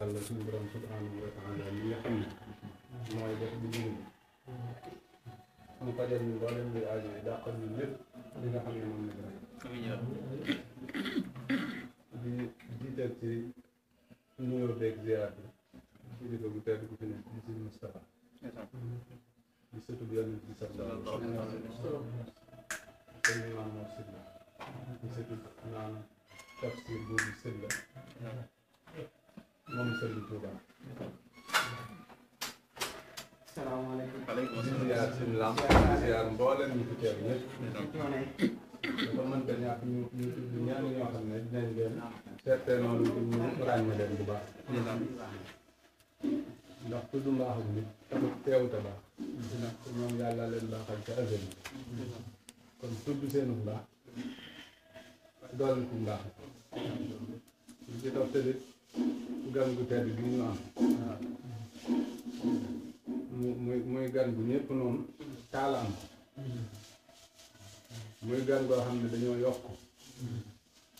yàlla suñu borom subhanahu wa taala li nga xam ne mooy def di dund mu fajal ñu mboolem luy aajo yi dàqal ñu lépp li nga xam ne moom la def di jiital ci nuyoo beeg ziar bi kilifa bu tedd ku fi nekk di si Moustapha di sëtu bi yàlla ci sax daal sëñ Mamour Sylla di sëtu naan tafsir boobu Sylla moom Serigne Touba. salaamaaleykum. waaleykum salaam di ziar suñu lam di ziar mboolem ñu fi teew ñëpp. dafa mënta ñàkk ñu ñu tudd ñaan ñoo xam ne dinañ leen seete noonu ñu ràññee leen bu baax. ndax tudd mbaaxul nit tamit teewute baax. ndax ñoom yàlla leen baaxal ca azal kon tudd seenu mbaax dool ku mbaax. li ci topp tamit gan gu tedd bi ñu am waaw muy muy gan gu ñëpp noonu taal am muy gan goo xam ne dañoo yokk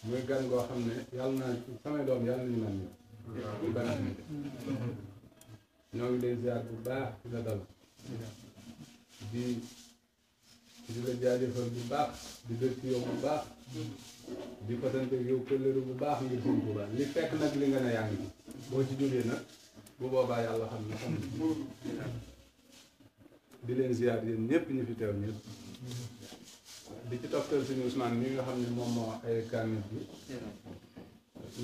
muy gan goo xam ne yàlla naa samay doom yàlla nañu naan ñu bana ñoo ngi leen ziar bu baax ci la dal di di la jaajëfal bu baax di dëkk yow bu baax di patante yow këllëru bu baax ngir suñ bu baax li fekk nag li nga ne yaa ngi boo ci jógee nag bu boobaa yàlla xam ne xam di leen ziar yéen ñëpp ñu fi teew ñëpp di ci toftal suñu Ousmane mi nga xam ne moom moo ay kaamit bi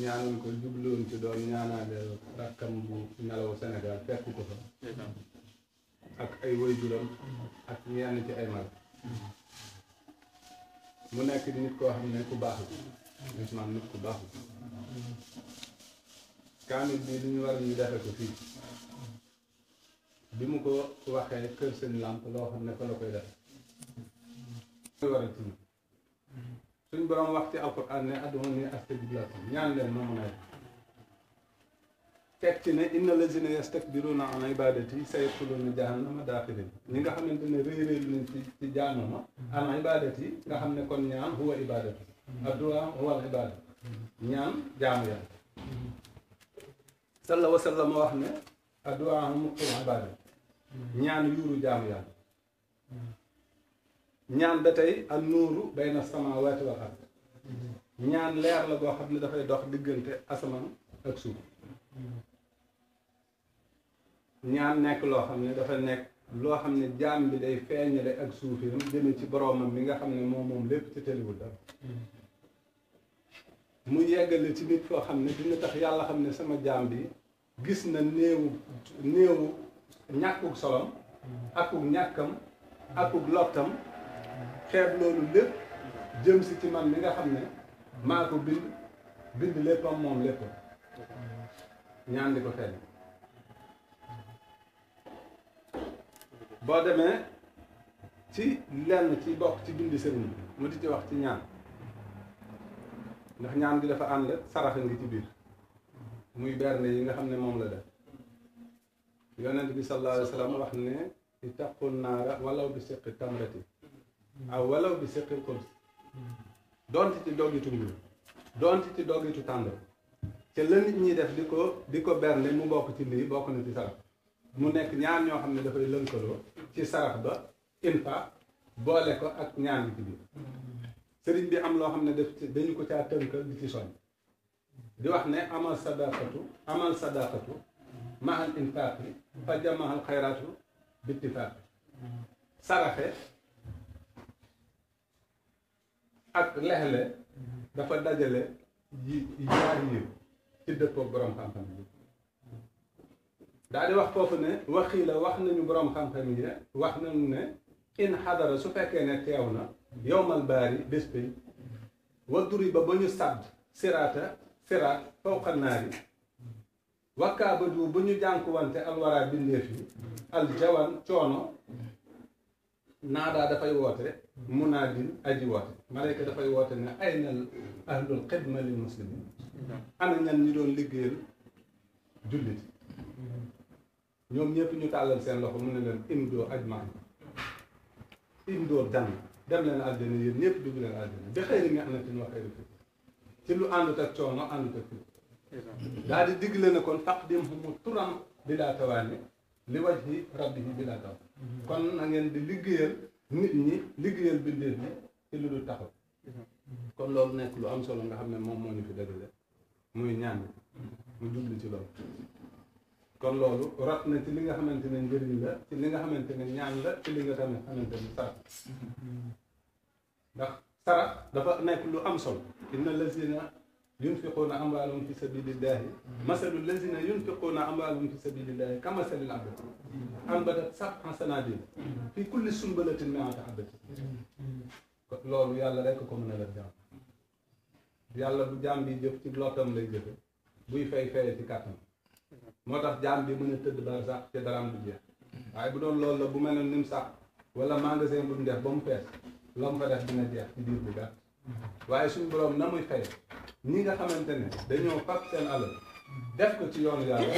ñaanoon ko jubloon ci doon ñaanaale rakkam bu nelaw Sénégal fekk ko fa ak ay waajuram ak ñenn ci ay mal mu nekk nit koo xam ne ku baax la Ousmane nit ku baax la kaamil bii li ñu war ñu defe ko fii bi mu ko waxee kër seen làmp loo xam ne fa la koy def muy war a suñ borom wax ci alquran ne adduma ni astajib lakum ñaan leen ma mën a teg ci ne inna lazina yastakbiruna an ibadati sayadkhuluna jahannama daaxirin ñi nga xamante ne réy réy nañ ci ci jahannama an ibadati nga xam ne kon ñaan huwa ibadati addu'a huwa al ibada ñaan jaamu yàlla salla wa sallama wax ne addu'a huwa ibadati ñaan yuuru jaamu yàlla ñaan ba tey ak nuuru bayna samawati wal ard ñaan leer la boo xam ne dafay dox diggante asamaan ak suuf ñaan nekk loo xam ne dafa nekk loo xam ne jaam bi day feeñale ak suufiyam jëme ci boroomam mi nga xam ne moom moom lépp te tëliwul dara mu yeggale ci nit koo xam ne dina tax yàlla xam ne sama jaam bi gis na néewu néewu ñàkkuk solom akuk ñàkkam akuk lottam xeeb loolu lépp jëm si ci man mi nga xam ne maa ko bind bind léppam moom léppam ñaan di ko xel boo demee ci lenn ci bokk ci bindi sëriñ mu di ci wax ci ñaan ndax ñaan gi dafa ànd saraxa ngi ci biir muy berne yi nga xam ne moom la def yonent bi sallallahu alayhi wa sallam wax ne ittaqu naara walaw bi siqi tamrati aw walaw bi siqi xums doonte ci doggitu mbir doonte ci doggitu tàndal te la nit ñi def di ko di ko bernde mu bokk ci lii bokk na ci sarax mu nekk ñaar ñoo xam ne dafay lënkaloo ci sarax ba impa boole ko ak ñaan ci biir sëriñ bi am loo xam ne daf dañu ko caa tënkal di ci soñ di wax ne amal sadaqatu amal sadaqatu mahal infaaqi fa jamahal xayraatu bittifaaqi saraxe ak lexle dafa dajale yi yaar yiw tuddatoo borom xam-xam yi daal di wax foofu ne waxii la wax nañu borom xam-xam yi wax nañu ne in xadara su fekkee ne teew na yowmal baari bés bi wadduri ba ba ñu sàdd siraata siraat fawqa naari wakkaabadu ba ñu jànkuwante alwara bindeef yi aljawan coono naadaa dafay woote munaadin aji woote malayka dafay woote ne ayna ahlul xidma lil muslimin ana ñan ñu doon liggéeyal jullit ñoom ñëpp ñu tàllal seen loxo mu ne leen indoo ajma indoo jànn dem leen àddina yéen ñëpp dugg leen àddina bi xëy nga xam ne tin wax xëy ci lu àndut ak coono àndut ak fi daal di digle na kon faq dim turam bi laa tawaan li waj yi rabbi yi bi laa taw kon na di liggéeyal nit ñi liggéeyal bindeef ñi ci lu dul taxaw kon loolu nekk lu am solo nga xam ne moom moo ñu fi dajale muy ñaan mu jubli ci loolu kon loolu rat na ci li nga xamante ne njëriñ la ci li nga xamante ne ñaan la ci li nga tamit xamante ne sarax ndax dafa nekk lu am solo inna lazina ينفقون أموالهم في سبيل الله مثل الذين ينفقون أموالهم في سبيل الله كمثل العبد أنبتت سبع سنادين في كل سنبلة ما عبد لولو يالا رك كوم نلا جام يالا دو جام بي جيف تي لوتام لاي جيف بوي فاي فاي تي كاتم موتاخ جام بي مني تد بار صاح تي درام دو جيه واي بو ولا ماغازين بو نديخ بام فيس لام فا داف دينا جيه تي waaye suñu boroom na muy fay ñi nga xamante ne dañoo fab seen alal def ko ci yoon yàlla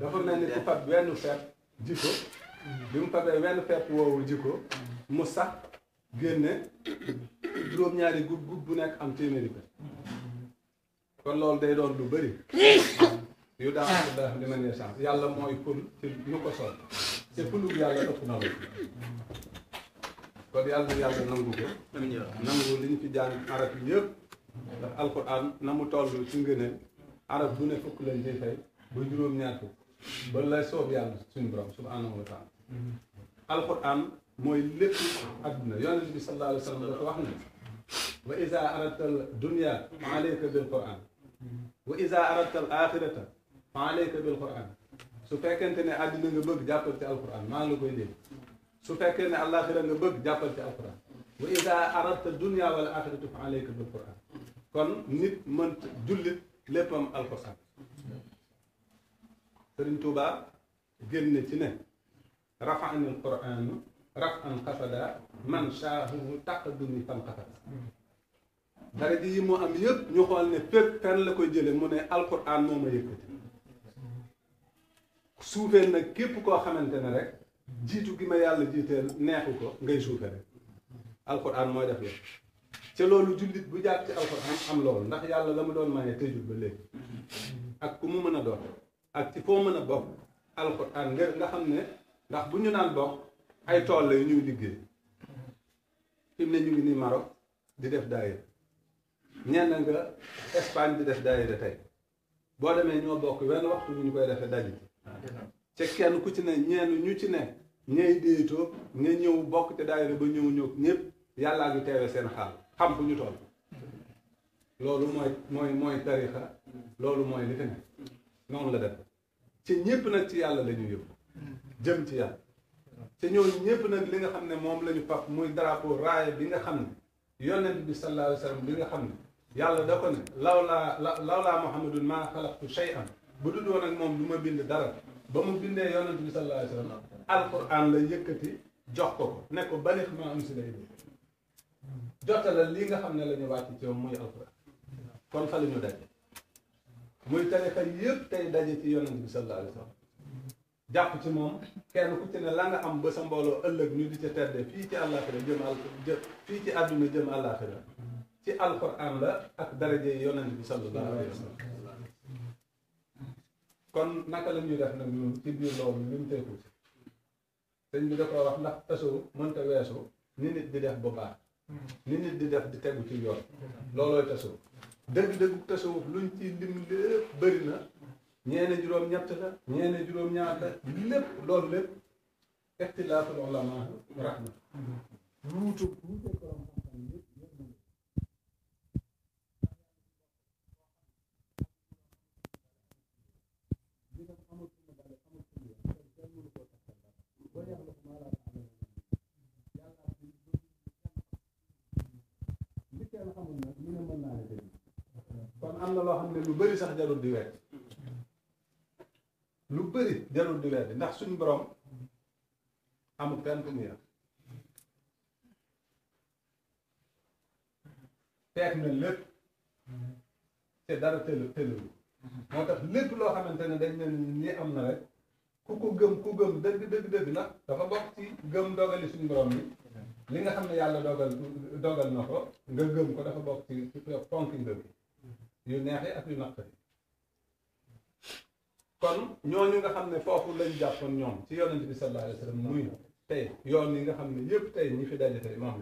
dafa mel ni ku fab wenn fepp ji ko bi mu fabee wenn fepp woowu ji ko mu sax génne juróom-ñaari gub gub bu nekk am téeméeri ba kon loolu day doon lu bari yu daa am li ma nee yàlla mooy pul ci ñu ko sol te pulub yàlla ëpp na kon yàlla na yàlla nangu ko nangu li ñu fi jàng arab yi yëpp ndax alquran na mu toll ci ngëneel arab bu ne fukk lañ ciy fay ba juróom-ñaar fukk ba lay soob yàlla suñu borom subhanahu wa taala alquran mooy lépp adduna yonent bi sallallahu alayhi wa sallam dafa wax ne wa iza aradta al dunya fa alayka bil quran wa iza aradta al axirata fa alayka bil quran su fekkente ne adduna nga bëgg jàppal ci alquran maa ngi la koy dégg su fekkee ne àllaaxira nga bëgg jàppal ci alquran wa ida aradta dunia wal axirata fa alayka bil quran kon nit mën jullit léppam alquran sëriñ Tuuba génn ci ne rafaan al quran rafan xasada man shaahu taqdumi fan xasada dara ji yi moo am yëpp ñu xool ne fépp fenn la koy jële mu ne alquran moo ma yëkkati suufee nag képp koo xamante ne rek jiitu gi ma yàlla jiiteel neexu ko ngay suufe rek mooy def la ca loolu jullit bu jàpp ci alquran am loolu ndax yàlla la mu doon maye tëjul ba léegi ak ku mu mën a doon ak ci foo mën a bokk alquran nga nga xam ne ndax bu ñu naan bokk ay tool la yu ñuy liggéey fi mu ne ñu ngi nii Maroc di def daayira ñenn nga Espagne di def daayira tey boo demee ñoo bokk wenn waxtu bu ñu koy defee daji ah, ca kenn ku ci ne ñeenu ñu ci nekk ñay déetoo ña ñëw bokk te daayira ba ñëw ñëw ñëpp yàllaa ngi teewe seen xaal xam fu ñu toll loolu mooy mooy mooy tarixa loolu mooy li fi ne noonu la def ñëpp nag ci yàlla la ñu yóbbu ñëpp nag li nga xam ne moom lañu ñu faf muy drapeau raaya bi nga xam ne yonent bi sallallahu alayhi bi nga xam ne yàlla da ko ne lawlaa lawlaa muhammadun maa xalaqtu shay'an bu dul woon ak moom du ma bind dara ba mu bindee yonent bi sallallahu alayhi wa sallam alquran la yëkkati jox ko ko ne ko balix ma am si lay dégg jotalal lii nga xam ne la ñu wàcc ci moom muy alquran kon fa la ñu daje muy tarixa yëpp tey daje ci yonent bi sallallahu alayhi wa sallam jàpp ci moom kenn ku ci ne la nga am ba sa mbooloo ëllëg ñu di ca tedde fii ci àllaaxira jëm àll fii ci àdduna jëm àllaaxira ci alquran la ak daraje yonent bi sallallahu alayhi sallam kon naka la ñuy def nag ñun ci biir loolu li mu teeku ci sëñ bi da ko wax ndax tasoo mënta weesoo ni nit di def bu baax ni nit di def di tegu ci yoon loolooy tasoo dëgg-dëgg tasoo luñ ci lim lépp bëri na ñeene juróom-ñett la ñeene juróom-ñaar la lépp loolu lépp ixtilaaful ulama rahma luutu kon am na loo xam ne lu bëri sax jarul di weddi lu bëri jarul di weddi ndax suñ borom amul kenn ku mu yar teeg na lépp te dara tëlu tëlu moo tax lépp loo xamante ne dañ ne ni am na rek ku ko gëm ku gëm dëgg dëgg dëgg nag dafa bokk ci gëm dogali suñu borom bi li nga xam ne yàlla dogal dogal na ko nga gëm ko dafa bokk ci ci ponk ngëm yu neexe ak yu naqari kon ñooñu nga xam ne foofu lañ jàppoon ñoom ci yonent bi sallallahu alayhi wa sallam muy tey yoon yi nga xam ne yëpp tey ñi fi daje tey moom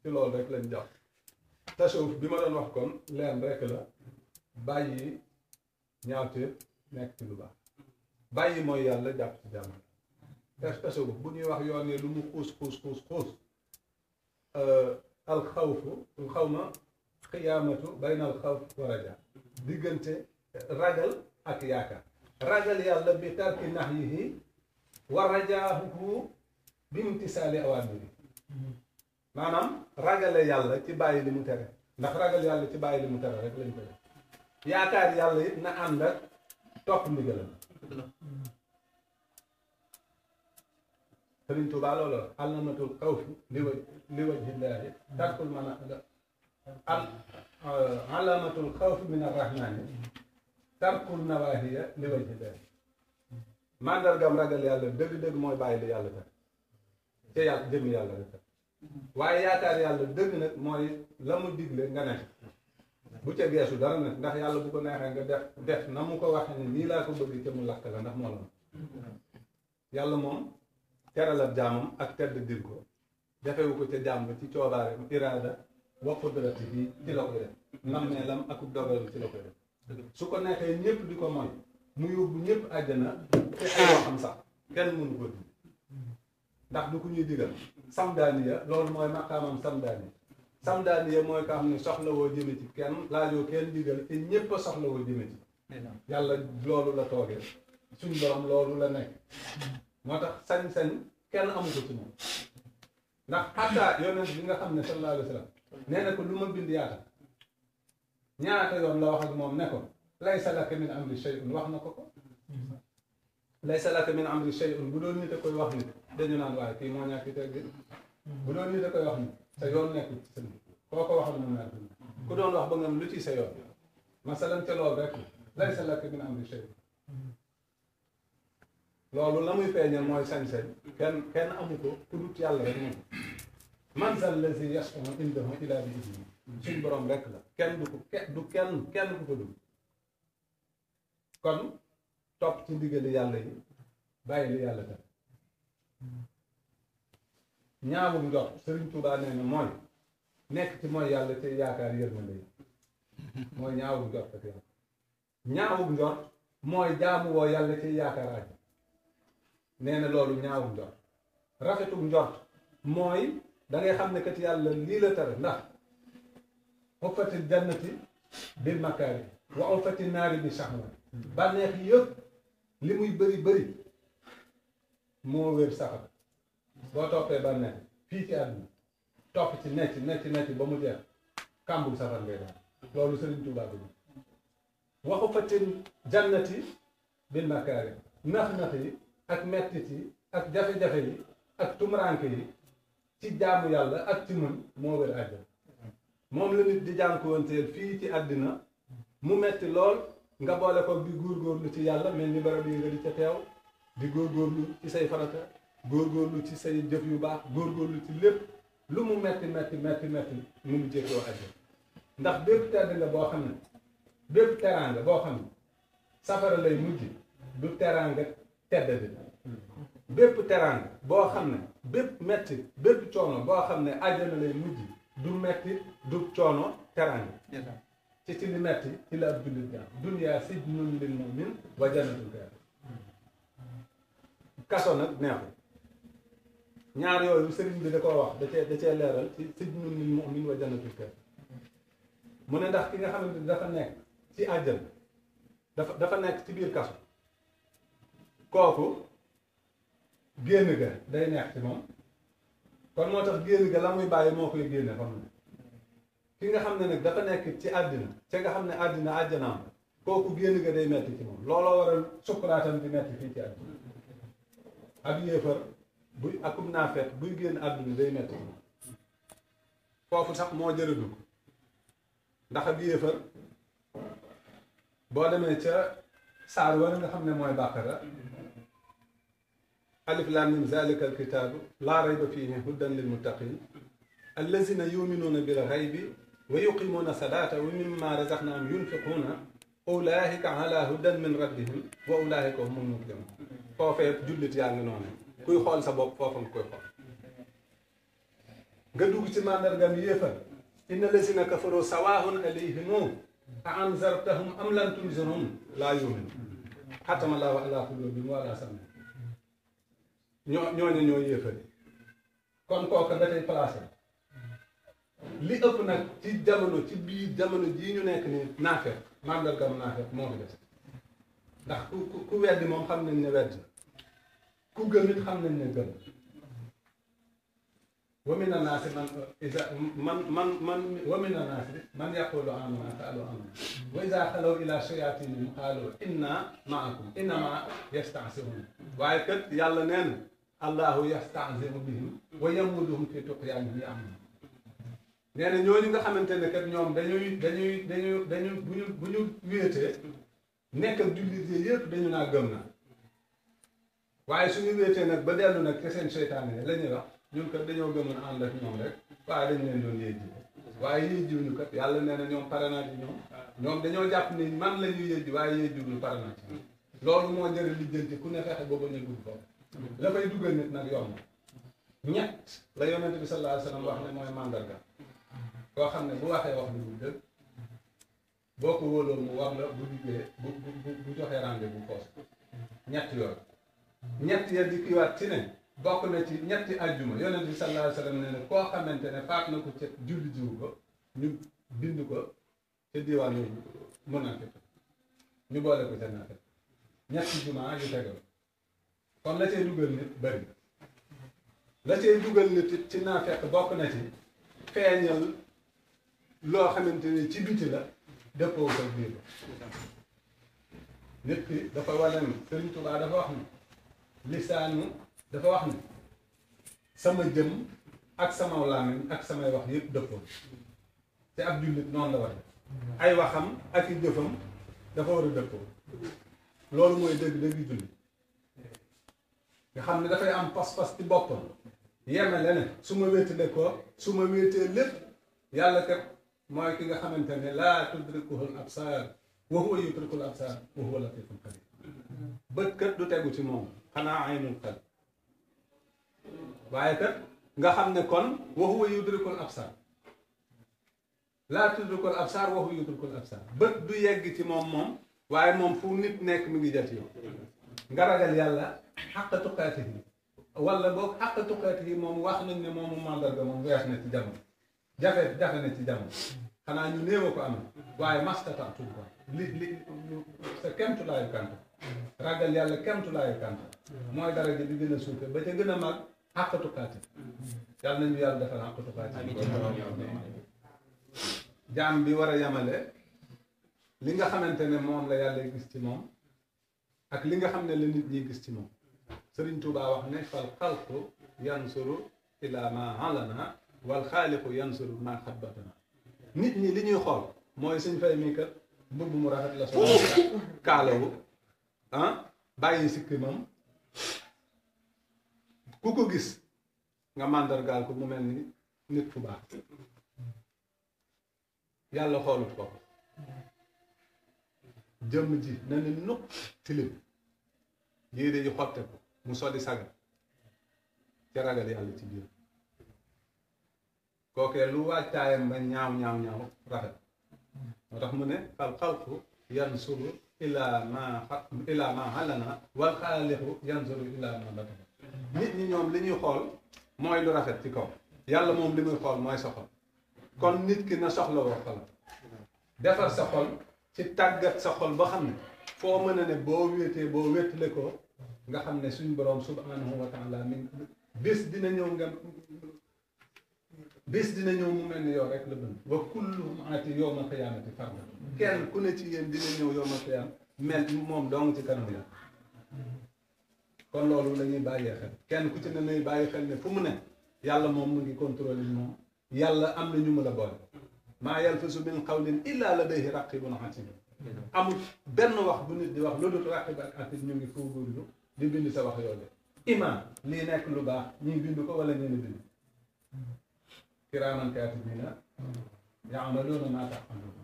ci loolu rek lañ jàpp tasawuf bi ma doon wax kon leen rek la bàyyi ñaawteef nekk ci lu baax bàyyi mooy yàlla jàpp ci jàmm tas taso bu ñuy wax yoon ne lu mu xuus xuus xuus xuus euh, alxawfu xaw ma xiyaamatu bayna alxawf wa raja diggante ragal ak yaakaar ragal yàlla bi tarki nahyihi wa rajaahu bi imtisaali awaamiri maanaam ragale yàlla ci bàyyi li mu tere ndax ragal yàlla ci bàyyi li mu tere rek lañ koy yaakaar yàlla it na ànd ak topp ndigalam Sëriñ Tuubaa loolu la alamatul ma fi li wa li wa jillaahi tarkul man al euh, alamatul xawf min arrahmaani tarkul nawaahiya li ragal yàlla dëgg-dëgg mooy bàyyi li yàlla tax ca yàlla waaye yaakaar yàlla dëgg nag mooy la mu digle nga ne bu ca geesu dara nag ndax yàlla bu ko neexee nga def def na mu ko waxee ne nii laa ko bëgg te mu lakk la ndax moo la yàlla moom teralab jaamam ak tedd dir ko defewu ko ca jaam ci coobaare iraada wa qudrati bi ci la koy def nammeelam ak dogalam ci la koy def su ko neexee ñëpp di ko mooy mu yóbbu ñëpp àjjana te ay waxam sax kenn mënu ko di ndax du ku ñuy digal samdaaniya loolu mooy maqaamam samdaaniya samdaaniya mooy ko xam ne soxlawoo jëme ci kenn laajoo kenn digal te ñëpp a soxlawoo jëme ci yàlla loolu la toogee suñ borom loolu la nekk motax sañ-sañ kenn amu ko ci moom ndax xataa yonent bi nga xam ne sallallahu alayhi wasallam nee na ko lu ma bind yaata ñaata yoon la wax ak moom ne ko laysa laka min amri shay'un wax na ko ko laysa laka min amri shay'un bu doon nit a koy wax ni dañu naan waaye kii moo ñàkk teg bu doon nit a koy wax ni sa yoon nekkul ci sëñ koo ko waxal moom laa ku doon wax ba nga lu ci sa yoon masalan ca loolu rek laysa laka min amri shay'un loolu la muy feeñal mooy sañ-sañ kenn kenn ko ku dut yàlla rek moom man zal lazi yashfa'u indahu illaa bi idnihi suñ borom rek la kenn du kenn kenn ku ko dul kon topp ci ndigali yàlla yi bàyyi li yàlla tam ñaawum ndox Sëriñ mooy nekk ci mooy yàlla te yaakaar yërmande yi mooy ñaawum njort ak yàlla ñaawum njort mooy jaamu woo yàlla ci yaakaar aji nee na loolu ñaawu njort rafetu njort mooy dangay ngay xam ne kat yàlla lii la tere ndax offati jannati bi makaari wa offati naari bi saxma bànneex yëpp li muy bëri bëri moo wér safara boo toppee bànneex fii ci àdduna topp ci necc necc necc ba mu jeex kàmbul safara ngay daal loolu Sëriñ Tuubaa bi waxu fatin jannati bi makaari nax nax yi ak metti yi ak jafe-jafe yi ak tumranké yi ci jaamu yàlla ak ci mun mo wér àjjana mom la nit di jank jànkoonteel fi ci adina mu metti lool nga bolé ko bi gor gor lu ci yàlla melni ni barab yi nga di ca teew di lu ci say farata gor gor lu ci say def yu baax lu ci lépp lu mu metti metti metti metti mu mu jékkoo àjjana ndax bépp tedd nga bo xam bépp teraanga boo xam ne safara lay mujj du teraanga tedd bi bépp teraanga boo xam ne bépp metti bépp coono boo xam ne àjjana lay mujj du metti du coono teraanga ci ci li metti ci la ab jullit jàpp duniyaa sijnun lil mu'min wa jannatul kaafir kaso nag ñaar yooyu sëriñ bi da koo wax da cee da cee leeral ci sijnun lil mu'min wa jannatul kaafir mu ne ndax ki nga xamante dafa nekk ci àjjana dafa dafa nekk ci biir kaso kooku génn ga day neex ci moom kon moo tax génn ga la muy bàyyi moo koy génne fa mu ki nga xam ne nag dafa nekk ci àddina ca nga xam ne àddina àjjanaam kooku génn ga day metti ci moom looloo waral sukkuraatam di metti fii ci àddina ab yéefar buy akum naafeet buy génn àddina day metti ci moom foofu sax moo jëriñu ko ndax ab yéefar boo demee ca saar wala nga xam ne mooy bàqara ألف لام ذلك الكتاب لا ريب فيه هدى للمتقين الذين يؤمنون بالغيب ويقيمون الصلاة ومما رزقناهم ينفقون أولئك على هدى من ربهم وأولئك هم المفلحون فوف جلت يعني نون كوي خول سا بوب فوف كوي خول غدوغ سي ماندار غام ييفال ان الذين كفروا سواء عليهم أأنذرتهم أم لم تنذرهم لا يؤمنون ختم الله على قلوبهم ولا سمعهم ñoo ñooñu ñoo yéefari kon kooka da tey placé li ëpp nag ci jamono ci biir jamono jii ñu nekk nii naafeq màndargam naafeq moo fi des ndax ku ku weddi moom xam nañ ne wedd na ku gëm it xam nañ ne gëm wa mina naasi man isa man man man wa mina naasi man yaqulu aamana qaalu aamana wa isa xalaw ila shayaatiinihim qaalu inna maakum inna ma yastahsiruun waaye kat yàlla nee na الله يستعزم بهم ويمودهم في طغيانهم يعمهم نحن نيو ليغا خامتاني كات نيوم دانيو دانيو دانيو دانيو بونيو بونيو ويته نيك جوليت ييب دانيو نا گمنا واي سوني ويته نك با دلو نك كسن شيطان لا ني واخ نيون كات دانيو گمنا اند اك نيوم رك با دنج نين دون ييجي واي ييجي نيو كات يالا نينا نيوم بارانا دي نيوم نيوم دانيو جاب ني مان لا نيو ييجي واي ييجي نيو بارانا لولو مو جير لي جنتي كو نفه بوبو ني گوب la koy dugal nit nag yomb ñett la yonent bi sallallahu alayhi wasallam wax ne mooy màndarga koo xam ne bu waxee wax lu dul dëgg boo ko wóoloo mu wax la bu duggee bu bu bu joxee rendez-vous bu poos ñett yooyu ñett ya dikkiwaat ci ne bokk na ci ñetti ajjuma yonent bi sallallahu alayhi wasallam ne ne koo xamante ne faat na ko ca julli jiwu ko ñu bind ko ca diwaanu munaafiq ñu boole ko ca naafeq ñetti jumaa yu tegal kon la cay dugal nit bari la cay dugal nit ci naa fekk bokk na ci feeñal loo xamante ne ci biti la dëppoo ko biir nit ki dafa wane ni Sëriñ Tuubaa dafa wax ni lisaanu dafa wax ni sama jëm ak sama làmmiñ ak samay wax yëpp dëppoo te ab jullit noonu la war ay waxam ak i jëfam dafa war a dëppoo loolu mooy dëgg dëgg jullit nga xam ne dafay am pas-pas ci boppam yemale ne su ma wéetale ko su ma wéetee lépp yàlla kat mooy ki nga xamante ne laa tudrikuhul absaar wa huwa yudrikul absaar wa huwa latiful xabir bët kat du tegu ci moom xanaa aynul xel waaye kat nga xam ne kon wa huwa yudrikul absaar laa tudrikul absaar wa huwa yudrikul absaar bët du yegg ci moom moom waaye moom fu nit nekk mi ngi jot yow ngaragal yàlla xaq tuqaatihi wala bok xaq tuqaatihi mom wax nañ ne mom mandal ga mom wess na ci jamm jafe jafe na ci jamm xana ñu néew ko am waye mastata tu ko li li sa kem tu lay kanta ragal yàlla kem tu lay kanta moy dara ji di gëna suufe ba ca gëna mag xaq tuqaatihi yàlla nañu yàlla defal xaq tuqaatihi jam bi wara yamale li nga xamantene mom la yàlla gis ci mom ak li nga xam ne la nit ñi gis ci moom sëriñ Tuubaa wax ne fal xalqu yansuru ila ma alana wal xaaliqu yansuru ma xabbatana nit ñi li ñuy xool mooy sëñ fay mi kat mbubb mu rafet la solo kaalawu ah, bàyyi sikki moom ku ko gis nga màndargaal ko mu mel ni nit ku baax yàlla xoolut ko jëmm ji na ne nukk tilim yére yi xotte ko mu soddi sagar ca ragal yàlla ci biir kookee lu wàccaayam ba ñaaw ñaaw ñaaw rafet moo tax mu ne xal xalqu yansuru ilaa ma ilaa ma xalana wal xaaliqu yansuru ilaa ma batana nit ñi ñoom li ñuy xool mooy lu rafet ci kaw yàlla moom li muy xool mooy sa xol kon nit ki na soxla woo xol defar sa xol ci tagat sa xol ba xamne fo meuna ne bo wété bo wéetee le ko nga xamne suñ borom subhanahu wa taala min bés dina ñëw nga bés dina ñëw mu melni yow rek la bëgg wa kulluhum aati yawma qiyamati farda kenn ku ne ci yéen dina ñëw yawma qiyam mel mom dong ci kanam ya kon lolu lañuy ñuy xel kenn ku ci ne lay bàyyi xel ne fu mu ne yàlla mom mu ngi contrôler mom yàlla am na ñu mëna la maa yalfisu min qawlin illaa ladayhi raqibun atid amul benn wax bu nit di wax lu dul raqib ak atid ñu ngi fóogóorlu di bind sa wax yooyu imaam lii nekk lu baax ñuy bind ko wala ñeneen bind kiraaman kaatibiina yaamaluuna maa taxaluun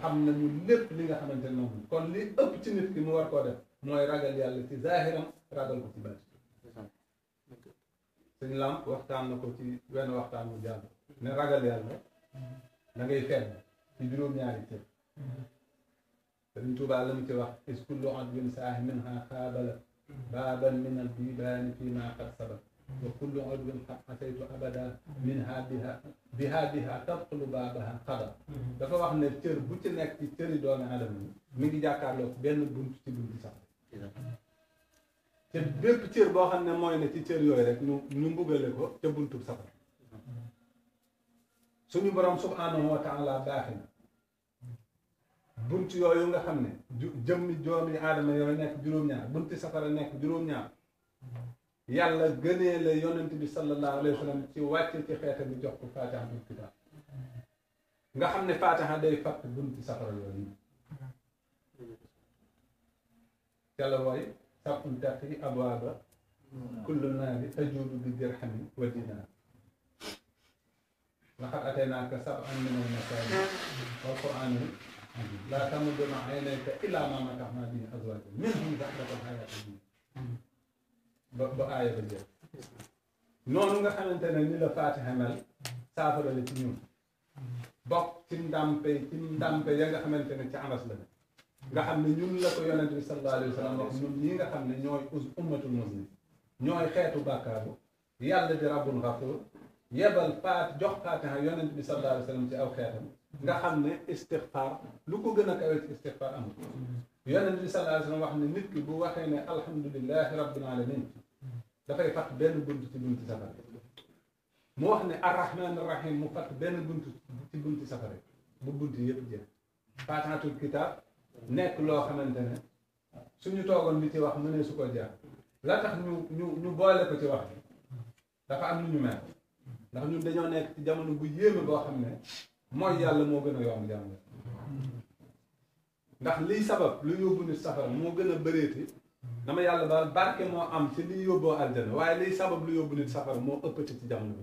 xam nañu lépp li nga xamante ne moom kon li ëpp ci nit ki mu war koo def mooy ragal yàlla ci zaahiram ragal ko ci baat suñ lamp waxtaan na ko ci wenn waxtaan mu jàll ne ragal yàlla na ngay fenn ci juróom-ñaari cër Sëriñ Tuubaa la mu ci wax is kullu adwin saahi min ha xaabala baaban min al bibaani fii maa qad sabab wa kullu adwin asaytu abada min ha biha biha biha tadxulu baabaha xadar dafa wax ne cër bu ci nekk ci cëri doomi adama yi mi ngi jàkkaarloo benn bunt ci bunti sax te bépp cër boo xam ne mooy ne ci cër yooyu rek ñu ñu mbugale ko ca buntu safara suñu borom subhanahu wa taala baaxi na bunt yooyu nga xam ne jëmmi doomi aadama yooyu nekk juróom-ñaar bunti safara nekk juróom-ñaar yàlla gënee la yonent bi sallallahu alayhi wa sallam ci wàcce ci xeete bi jox ko faatihatul kitaab nga xam ne faatiha day fàtt bunti safara yooyu yàlla wooy sàppul taqi abwaaba kullu naari tajuudu bi dirhamin wa dinaar لقد أتيناك سبعا من المثاني والقرآن لا تمدن عينيك إلى ما متعنا به أزواجا منهم زحمة الحياة الدنيا ba aaya ba jeex noonu nga xamante ne ni la Faatiha mel saafara la ci ñun bokk ci ndàmpe ci ndàmpe ya nga xamante ne ci anas la ne nga xam ne ñun la ko yonent bi sallallahu alayhi wa sallam wax ñun ñi nga xam ne ñooy us ummatul muslim ñooy xeetu bàkkaaru yàlla di rabbul xafuur يبل paat jox paatiha يونس بن صلى الله عليه وسلم ci aw xeetam nga xam ne istixfaar lu ko gën a kawe istighfar istixfaar amul yonent bi sallallahu alayhi wa sallam wax ne nit ki bu waxee ne alhamdulilahi rabbil alamin dafay fat benn bunt ci bunti safara mu wax ne arrahman arrahim mu fat benn bunt ci bunti safara bu bunti yëpp jeex faataatul kitaab nekk loo xamante ne suñu toogoon bi ci wax mu ne su ko jaar la tax ñu ñu ñu boole ko ci wax dafa am lu ñu mel ndax ñun dañoo nekk jamono bu yéeme boo xam ne mooy yàlla moo gën a ndax liy sabab lu yóbbu nit gën a dama yàlla baal barke moo am ci liy yóbboo aljana waaye liy sabab lu yóbbu moo ëppati ci jamono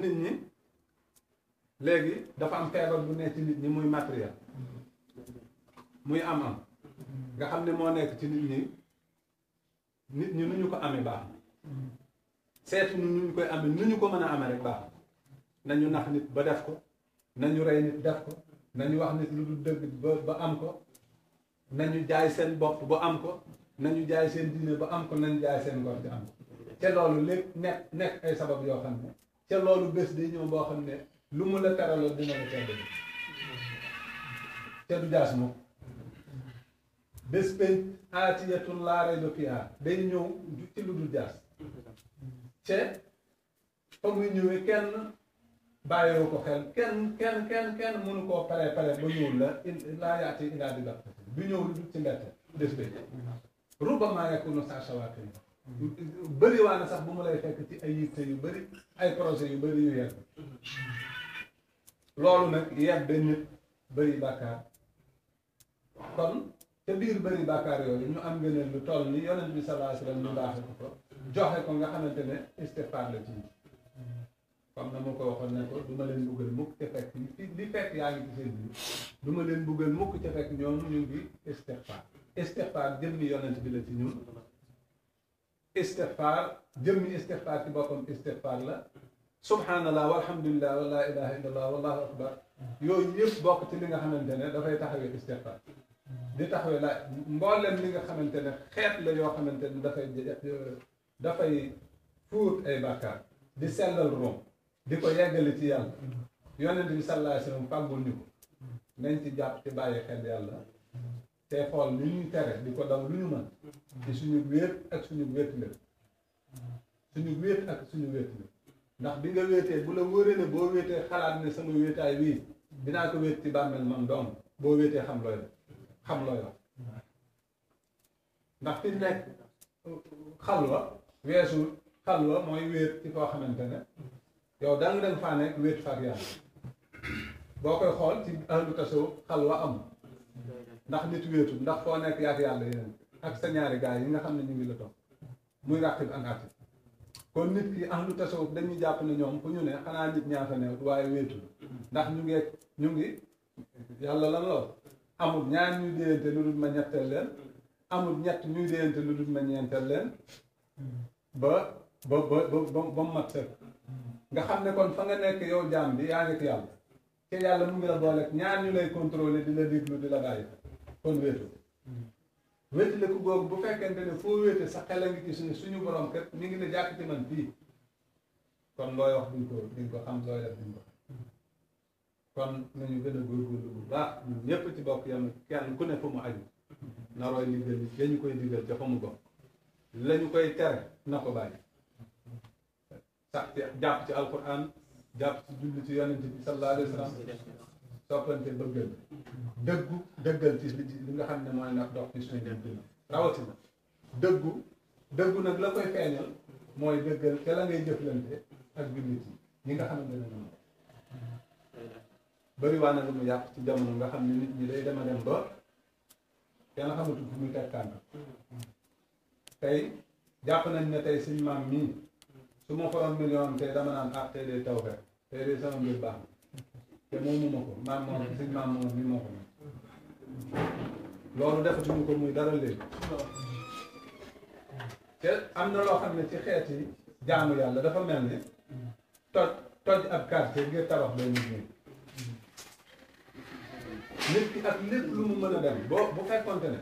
nit ñi léegi dafa am feebar bu nekk ci nit ñi muy matériel muy am-am nga xam ne moo nekk ci nit ñi nit ñi nu ñu ko amee baax na seetu nu ñu koy amee nu ñu ko mën a amee rek baax nañu nax nit ba def ko na ñu rey nit def ko nañu wax nit lu dul dëgg ba am ko na nañu jaay seen bopp ba am ko nañu jaay seen diine ba am ko nañu jaay seen ngor bi am ko ca loolu lépp nekk ay sabab yoo xam ne ca loolu bés day ñëw boo xam ne lu mu la teraloon dina la tedd ca jaas moom bés penc aatiyatun laa rayba fiihaa day ñëw ci lu dul jaas te fa muy ñëwee kenn bàyyiwu ko xel kenn kenn kenn kenn mënu koo pare pare ba ñëwul la laa yaati ilaa bi bàq bi ñëw du ci mbett des bi rubamaa yakunu saa shawaakir bëri waa na sax bu mu lay fekk ci ay yitte yu bëri ay projet yu bëri yu yedd loolu nag yebbe nit bëri bàkkaar kon te biir bëri bàkkaar yooyu ñu am ngëneel lu toll ni yonent bi sallallahu alayhi wa sallam ñu baaxe joxe ko nga xamante ne istifaar la ci comme na ma ko waxoon ne ko du ma leen buggal mukk te fekk li fekk yaa ngi ci seen biir du ma leen buggal mukk te fekk ñoom ñu ngi istifaar istifaar jëmmi yonent bi la ci ñun istifaar jëmmi istifaar ci boppam istifaar la subhanallah walhamdulillah wa la ilaha illallah wallahu akbar yooyu yëpp bokk ci li nga xamante ne dafay taxawee istifaar di taxawee la mboolem li nga xamante ne xeet la yoo xamante ne dafay dafay fuur ay bàkkaar di sellal room di ko yeggale ci yàlla yonent bi sallallahu alayhi wasallam fàggul ñu ko nañ ci jàpp ci bàyyi xel yàlla te xool lu ñuy tere di ko daw lu ñu mën ci suñu wéet ak suñu wéet la suñu wéet ndax bi nga wéetee bu la wóoree boo wéetee xalaat ne sama wéetaay wii dinaa ko wéet ci bàmmeel man doom boo wéetee xam looy xam la wax ndax fi nekk xalwa weesu xalwa mooy wéet ci koo xamante ne yow dang dang faa nekk wéet faak yàlla boo koy xool ci ahlu tasawuf xalwa am ndax nit wéetu ndax foo nekk yaak yàlla yéen ak sa ñaari gaay yi nga xam ne ñu ngi la topp muy ràqib ak ati kon nit ki ahlu tasawuf dañuy jàpp ne ñoom fu ñu ne xanaa nit ñaa fa newut waaye wéetu ndax ñu ngi ñu ngi yàlla lan lool amul ñaar ñuy déyante lu dul ma ñetteel leen amul ñett ñuy déyante lu dul ma ñeenteel leen ba ba ba ba ba mu nga xam ne kon fa nga nekk yow jaam bi yaa ngi ci yàlla te yàlla mu ngi la booleeg ñaar ñu lay contrôler di la déglu di la bàyyi kon wéetu wéeti la ku googu bu fekkente ne foo wéete sa xel a ngi gis ne suñu borom kat mi ngi ne jàkk ci man fii kon looy wax duñ ko duñ ko xam looy def duñ ko kon nañu gën a góorgóorlu bu baax ñun ñëpp ci bokk yam kenn ku ne fa mu aju narooy liggéey bi dañu koy digal ca fa mu bokk lañu koy tere na ko bàyyi sax ci jàpp ci alquran jàpp ci julli ci yonent bi sallallahu alayhi wa sallam soppante bëggal dëggu dëggal ci li nga xam ne mooy ndax dox ci suñu dem dina rawatina dëggu dëggu nag la koy feeñal mooy dëggal te la ngay jëflante ak jullit yi ñi nga xamante ne moom na lu mu yàq ci jamono nga xam ne nit ñi day dema ba kenn xamatu fu muy teg tànk tey jàpp nañ ne tey suñu maam mii su ma foroon million am tey dama naan ah tey de taw fekk tey de sama mbir baax te moom mu ma ko maam moom suñu maam moom mi moo ko moom loolu defatuñu ko muy dara léegi te am na loo xam ne ci xeeti jaamu yàlla dafa mel ne toj toj ab quartier ngir tabax benn nit nit ki ak lépp lu mu mën a dem boo bu fekkonte ne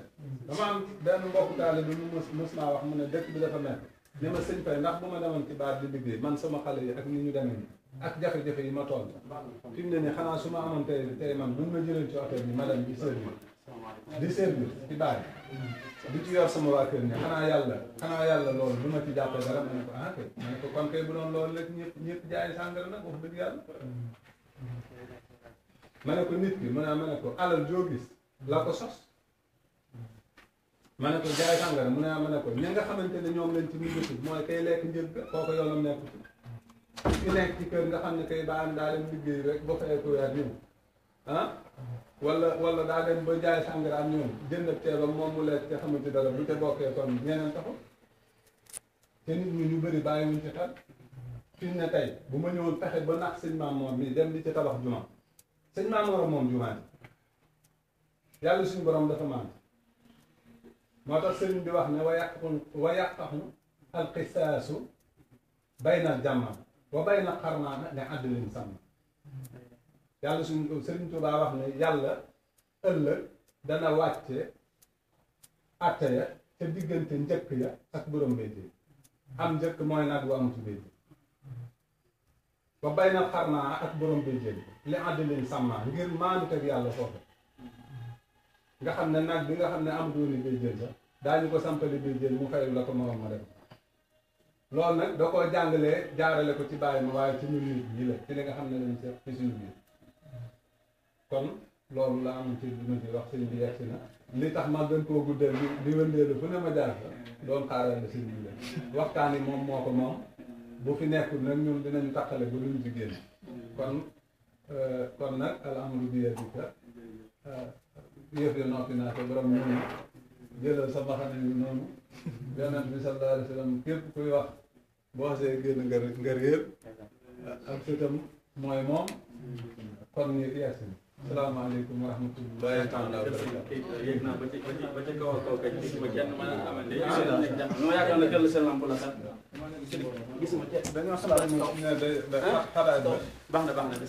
dama am benn mbokk taale bi mu mës mës naa wax mu ne dëkk bi dafa mel ne ma sëñ fay ndax bu ma demoon ci baat di liggéey man sama xale yi ak ni ñu demee nii ak jafe-jafe yi ma toll fi mu ne nii xanaa su ma amoon tey tey man mun ma jëlee ci otel bi ma dem di servir di servir ci baat bi di ci yor sama waa kër ne xanaa yàlla xanaa yàlla loolu du ma ci jàppee dara ma ne ko ah kay ma ne ko kon kay bu doon loolu rek ñëpp ñëpp jaay sàngara nag wax dëgg yàlla ma ne ko nit ki ma ne ma ne ko alal joo gis la ko sos ma ne ko jaay sàngara mu ne ma ne ko ña nga xamante ne ñoom lañ ci mujjatu mooy kay lekk njëg kooku yoonam nekk ci ki nekk ci kër nga xam ne kay baan daa dem liggéey rek ba fayeeku weer ñëw ah wala wala daa dem ba jaay sàngara am ñoom jënd teebam moom mu lekk te xamante dara bu te bokkee kon ñeneen taxu te nit ñi ñu bëri bàyyiwuñ ci xel fi ne tey bu ma ñëwoon fexe ba nax sëñ maam moom mi dem di ci tabax jumaa sëñ maam war a moom jumaa suñu borom dafa maam moo tax sëriñ bi wax ne wa yàqu wa yàqaxu alqisaasu bayna jàmmam wa bayna xarnaana ne àddilin sàmm yàlla suñu sëriñ Tuubaa wax ne yàlla ëllëg dana wàcce àtte ya ca diggante njëkk ya ak borom béykat am njëkk mooy naat bu amatu béykat ba bay na xarnaa ak borom bay jéem li àddilin sàmma ngir maandu teg yàlla foofu nga xam ne nag bi nga xam ne am dooni bay sax daañu ko sampali bay jéem mu fayu la ko morom ma def loolu nag da ko jàngalee jaarale ko ci bàyyi ma waaye ci ñun nit la ci li nga xam ne lañ seet ci suñu biir kon loolu la am ci lu ma ci wax sëñ bi yegg na li tax ma gën koo guddal di wëndeelu fu ne ma jaar fa doon xaaral la sëñ bi la waxtaan moom moo bu fi nekkul nag ñun dinañu taqale ba luñ ci génn kon euh, kon nag al amru bi yadika euh, yëf ya noppi naa ko borom ñun jëlal sa mbaxane yi noonu yonent bi sallallahu alayhi wa sallam képp kuy wax boo xasee génn nga nga réer ak sëtam mooy moom kon ñu yees ni salaamaaleykum wa rahmatulah. yéeg naa ba ci ba ci ba ci kaw a kaw kañ gis ma kenn mën a amante. ma yaakaar ne kenn seen lamp la sax. gis ma kenn dañoo xalaat ne day baax na baax na